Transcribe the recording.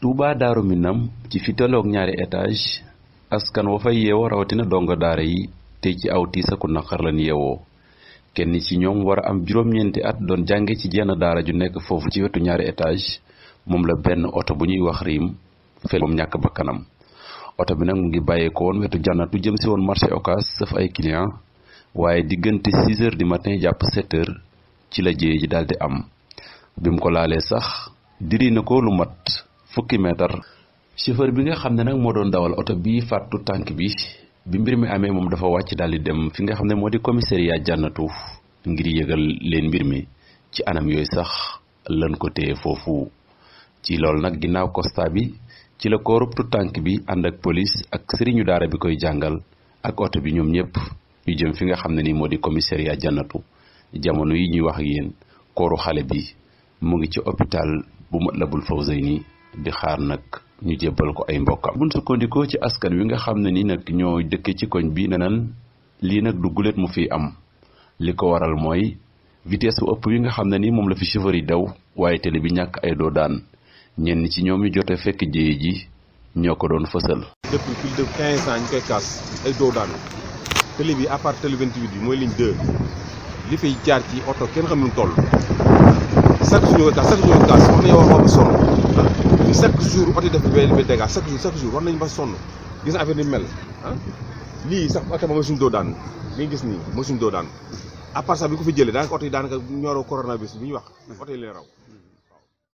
Touba Daaru Minam ci fi tolloog ñaari étage askan wa fay yeewoo rawatina dongo daara yi tey ci awti tiis aku naqar lan yeewoo kenn ci ñoom war a am juróom-ñeenti at doon jànge ci jenn daara ju nekk foofu ci wetu ñaari étage moom la benn oto bu ñuy wax riim fel moom ñàkk bakkanam oto bi nag mu ngi bàyyeekoo woon wetu jànnatu jëm si woon marché Ocass saf ay client waaye diggante 6 heures du matin jàpp 7 ci la jéye ji daal di am bi ko laalee sax diri na ko mat fukki meetar chauffeur bi nga xam ne nag moo doon dawal oto bi fàttu tànk bi bi mbir mi amee moom dafa wàcc daal di dem fi nga xam ne moo di commissariat jànnatu ngir yëgal leen mbir mi ci anam yooyu sax lan ko téye foofu ci loolu nag ginnaaw constat bi ci la koorub tu tànk bi ànd ak police ak sëriñu daara bi koy jàngal ak oto bi ñoom ñëpp ñu jëm fi nga xam ne nii moo di commissariat jànnatu jamono yi ñuy wax ak yéen kooru xale bi mu ngi ci hôpital bu Matlaboul Fawzayni di xaar nag ñu jébbal ko ay mbokkam buñ sukkandikoo ci askan wi nga xam ne ni nag ñoo dëkke ci koñ bi ne lii nag du guléet mu fi am li ko waral mooy vitesse bu ëpp wi nga xam ne ni moom la fi chauffeur yi daw waaye télé bi ñàkk ay doo daan ñenn ci ñoom ñu jote fekk jéye ji ñoo ko doon fësal. depuis plus bi à part télé mooy ligne li fay jaar ci oto kenn chaque jour oto yi def benn dégâts chaque jour chaque jour war nañu ba sonn gis na affaire ni mel ah lii sax oto ba mosuñu doo daan li nga gis nii mosuñu doo daan à part bi ko fi jëlee daanaka oto yi daanaka ñoroo coronavirus bi ñu wax oto yi leen raw